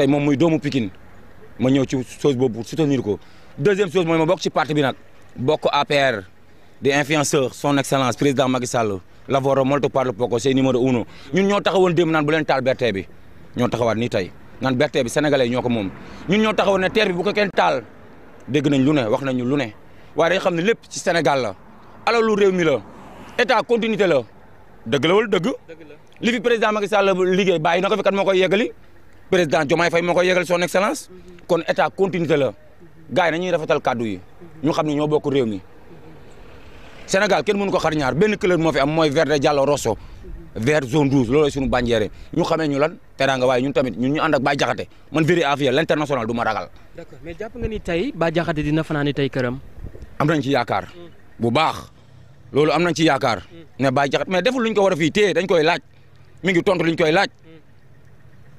tey moom muy doomu Pikine ma ñëw ci chose boobu soutenir ko deuxième chose mooy ma bokk ci parti bi nag bokk APR di influenceur son excellence président Macky Sall lavoro molto parlo poco c'est numéro uno ñun ñoo taxawoon démb naan bu leen taal berté bi ñoo taxawaat nii tey naan berté bi ñoo ko moom ñun ñoo taxawoon ne terre bi bu ko kenn taal dégg nañ lu ne wax nañu lu ne waaye dañ xam ne lépp ci Sénégal la alalu réew mi la état continuité la dëgg la wala dëgg li fi président Macky Sall liggéey président Diomaye Faye moo koy yegal son excellence kon état continuité la gars yi nañuy rafetal kàddu yi ñu xam ne ñoo bokk réew mi Sénégal kenn mënu ko xar ñaar benn couleur moo fi am mooy vert Diallo Rosso vert zone 12 loolooy suñu bandière ñu xamee ñu lan teraanga waaye ñun tamit ñun ñu ànd ba Bah Diakhaté man véré afia l'international du ma ragal. d'accord mais jàpp nga ni tey Bah Diakhaté dina fanaani tey këram. am nañ ci yaakaar bu baax loolu am nañ ci yaakaar ne Bah Diakhaté mais deful luñ ko war a fii téye dañ koy laaj mi ngi tontu luñ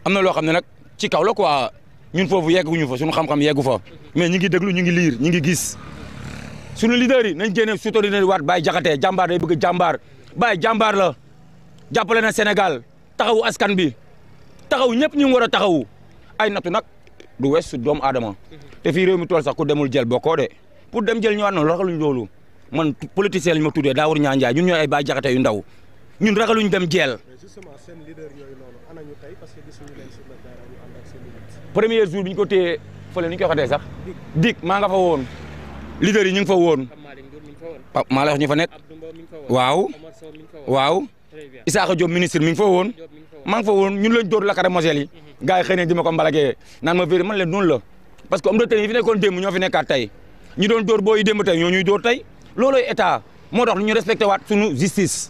am na loo xam ne nag ci kaw la quoi ñun foofu yegguñu fa suñu xam-xam yeggu fa mais ñi ngi déglu ñu ngi liir ñu ngi gis sunu leader yi nañ génne sutori na waat baay Diakhaté jàmbaar day bëgg jàmbaar Baye jàmbaar la jàppale na senegal taxawu askan bi taxaw ñëpp ñu ngi war a taxawu ay nattu nag du wees su doomu adama te fii mi tool sax ku demul jël bokkoo de pour dem jël ñëwaat na loxaluñ loolu man politicien lañ ma tuddee Daawur njaa ñun ñooy ay Baye Diakhaté yu ndaw ñun ragaluñ dem jeel premier jour bi ñu ko téye fële ni ñu koy waxatee sax dig maa nga fa woon leader yi ñu ngi fa woon Pape Malick ñu fa nekk waaw waaw Isaaxa Diop ministre mi ngi fa woon maa ngi fa woon ñun lañ dóor la lakaramosel yi mhm. gars yi xëy na di ma ko mbalagee naan ma véri man leen noonu la parce que homme de terrain yi fi nekkoon démb ñoo fi nekkaat tey ñu doon dóor booy dem tey ñoo ñuy dóor tey loolooy état moo tax lu ñu respecté waat suñu justice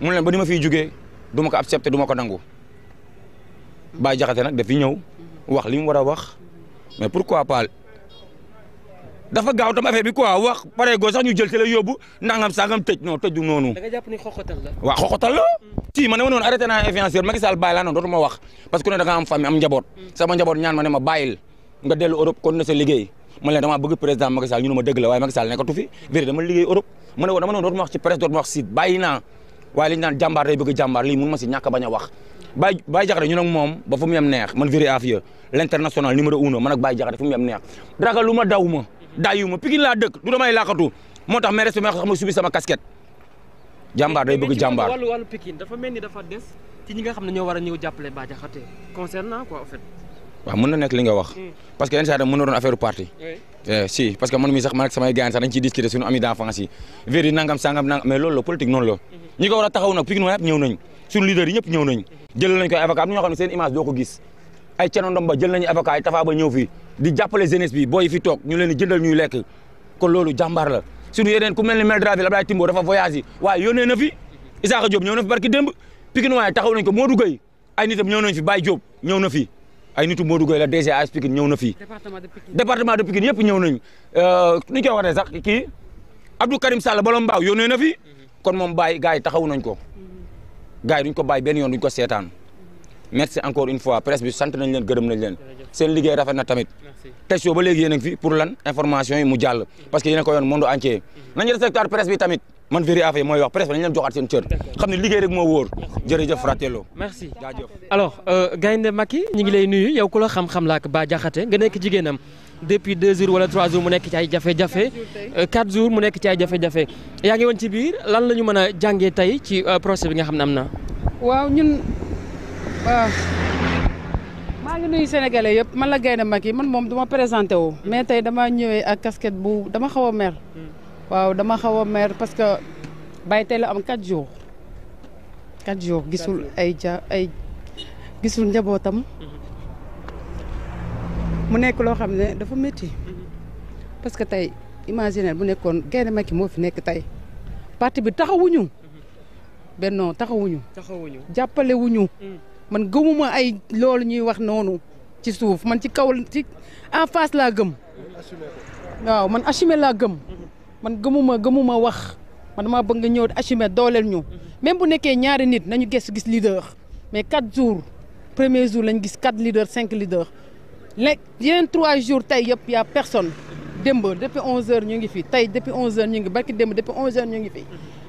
mun leen ba ni ma fi jugee du ma ko accepté du ma ko nangu Baye Jaxate nag dafi ñëw wax li mu war a wax mais a pas dafa gaaw tam affaire bi a wax pare goo sax ñu jël te la yóbbu nangam sangam tëj non tëj du noonu. da nga jàpp ni xoxotal la. waaw xoxotal la. si mm. man ne ma noonu arrêté naa influenceur Macky Sall bàyyi parce que ne da am famille am njaboot. sama njaboot ñaan ma ne ma bàyyil nga dellu Europe kon na sa liggéey man leen damaa bëgg président Macky ma dëgg la waaye Macky waaye li ñu naan jàmbaar day bëgg jàmbaar lii mun ma si ñàkk bañ a wax Baye Baye Diakhaté ñun ak moom ba fu mu yem neex man viré afia l'international numéro uno man ak Baye Diakhaté fu mu yem neex ragal lu ma daw ma daayu ma Pikine laa dëkk du damay laqatu moo tax mais respect ma xam ma subi sama casquette jàmbaar day bëgg jàmbaar wàllu wàllu Pikine dafa mel ni dafa des ci ñi nga xam ne ñoo war a ñëw jàppale Baye Diakhaté concernant quoi en fait waaw na nekk li nga wax hmm. parce que yenn saa mën na doon affaire parti Eh, si parce que man mi sax man ak samay gars sax dañ ciy discuter suñu ami d'enfance yi vér yi nangam sangam nangam mais loolu la politique noonu la ko war taxaw nag Pikine yëpp ñëw ne ku mel ni maire de la ville na fi Isaka Diop ñëw na fi ay nitu Modou Gueye la DG AS Pikine ñëw na fii département de Pikine yëpp ñëw nañu euh, ni ñu koy waxee sax kii Abdou Karim Sall borom mbaaw yónnee na fi mhm. kon moom bàyyi gars yi taxawu nañ ko mhm. gars yi duñ ko bàyyi benn yoon duñ ko seetaan mhm. merci encore une fois presse bi sant nañ leen gërëm nañ leen seen liggéey rafet na tamit question ba léegi yéen a fi pour lan information yi mu jàll parce que yéen a ko yoon monde entier nañ respecter presse bi tamit man Viri Affe mooy wax presse dañu leen joxaat seen cër xam ne liggéey rek moo wóor jërëjëf Fratello merci jaajëf alors euh, Gaynde Macky ñi ngi lay nuyu yow ku la xam-xam laak ba jaxate nga nekk jigéenam depuis deux jours wala trois jours mu nekk ci ay jafe-jafe quatre euh, mu nekk ci ay jafe-jafe yaa ngi woon ci biir lan la ñu mën a jàngee tey ci euh, procès bi nga xam ne am na waaw ñun maa ngi nuyu sénégalais yëpp man la Gaynde Macky man moom duma présenté wu mm. mais tey dama ñëwee ak casquette bu dama xaw a mer mm. waaw dama xaw a mer parce que bàyyi tey la am 4 jours 4 jours gisul ay ja ay gisul njabootam mu nekk loo xam ne dafa métti parce que tey imaginer bu nekkoon gaynde ki moo fi nekk tey parti bi taxawuñu bennoo taxawuñu taxawuñu jàppalewuñu mm. man gëmuma ay loolu ñuy wax noonu ci suuf man ci kaw ci en laa gëm waaw man assumé laa gëm man gëmuma gëmuma wax man damaa bëgg nga ñëw Achimène dooleel ñu même bu nekkee ñaari nit nañu gëstu gis leader mais quatre jours premier jour lañ gis quatre leaders cinq leaders léeg yeneen trois jours tey yëpp y a personne démb depuis onze heures ñu ngi fi tey depuis onze heures ñu ngi barki démb depuis onze heures ñu ngi fi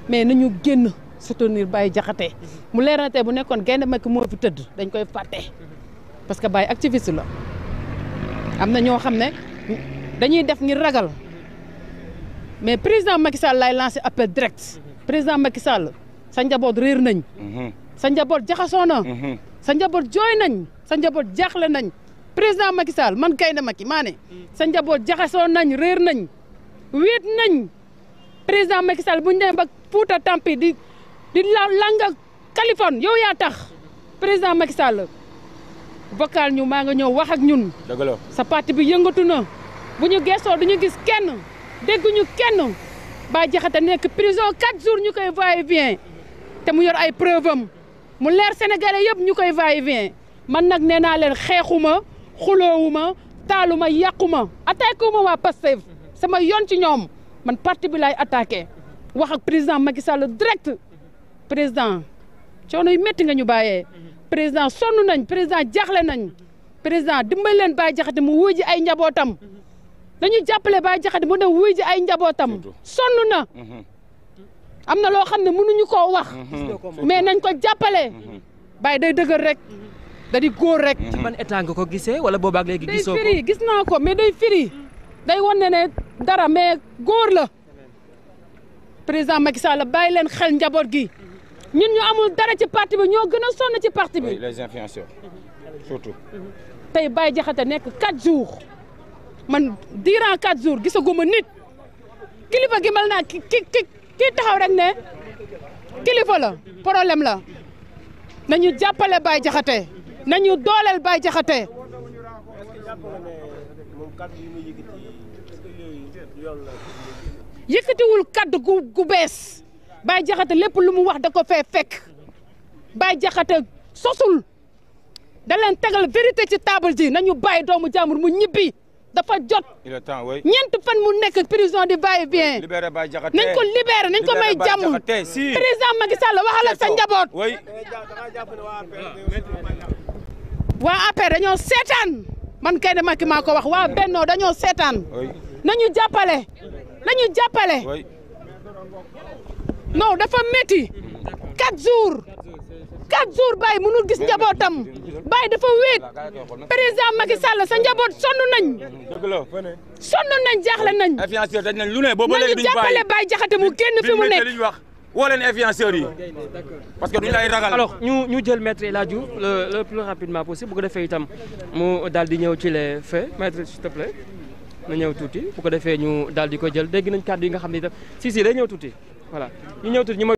mais nañu génn sotonir Baye Jaxate mu leer na tey bu nekkoon gaynde mag moo fi tëdd dañ koy fàtte parce que Baye activiste la am na ñoo xam ne dañuy def ngir ragal mais président Macky Sall laay lancé appel direct président Macky sanjaboot réer nañ. Mhm. sa njaboot jaxasoo na. Mhm. sa njaboot jooy nañ sa njaboot jaaxle nañ président Macky man kay na Macky maa ne sa njaboot jaxasoo nañ réer nañ wéet nañ président Macky Sall bu ñu demee ba Fuuta Tampi di di la langa Californie yow yaa tax président Macky Sall vocal ñu maa nga ñëw wax ak ñun. dëgg sa parti bi yëngatu na bu ñu gëstoo du ñu gis kenn. dégguñu kenn Bah Diakhaté nekk prison 4 jours ñu koy va-et-vient te mu yor ay preuve mu leer sénégalais yëpp ñu koy va-et-vient man nag nee naa leen xeexuma xuloowuma taaluma yàquma attaqué wu ma waa Pastef sama yoon ci ñoom man parti bi laay attaqué wax ak président Macky Sall direct président coono yu métti nga ñu bàyyee président sonn nañ président jaaxle nañ président dimbali leen Bah mu wuy ji ay njabootam. dañuy jàppale Baye Diakhaté mu dem wuy ji ay njabootam sonn na mhm. am na loo xam ne mënuñu koo wax mhm. mais nañ ko jàppale mhm. Baye day dëgër rek da góor rek ci ban état ko gisee wala boobaak léegi gisoo day firi gis naa ko mais day firi day wan ne dara mais góor la président Macky Sall bàyyi leen xel njaboot gi ñun ñu amul dara ci parti bi ñoo gën a sonn ci parti bi les influenceurs surtout tey Baye Diakhaté nekk 4 jours man durant quatre jours gisaguma nit kilifa gi mel naa ki ki ki taxaw rek ne kilifa la problème la nañu jàppale Baye Diakhaté nañu dooleel Baye Diakhaté yëkkatiwul kaddu gu gu bees Baye Diakhaté lépp lu mu wax da ko fee fekk Baye Diakhaté sosul da tegal vérité ci taabal ji nañu bàyyi doomu jàmbur mu ñibbi dafa jot. il fan mu nekk prison di bàyyi bien. libéré Bah Diakhaté nañ ko libéré nañ ko may jàmm. président Macky Sall waxalal sa njaboot. oui. waa APR dañoo seetaan man kay maki Macky ko wax waa Benno dañoo seetaan. nañu jàppale. nañu jàppale. non dafa métti. quatre jours. quatre jours Baye mënul gis njabootam Baye dafa wéet président Macky Sall sa njaboot sonn nañ sonn nañ jaaxle nañ nañu jàppale Baye Jaxate mu génn fi mu nekk woo leen influenceurs yi parce que duñu lay ragal. alors ñu ñu jël maître El Hadj Diouf le le plus rapidement possible bu ko defee itam mu dal di ñëw ci les faits maître s'il te plaît na ñëw tuuti bu ko defee ñu daal di ko jël dégg nañ kàddu yi nga xam ne itam si si day ñëw tuuti voilà ñu ñëw tuuti ñu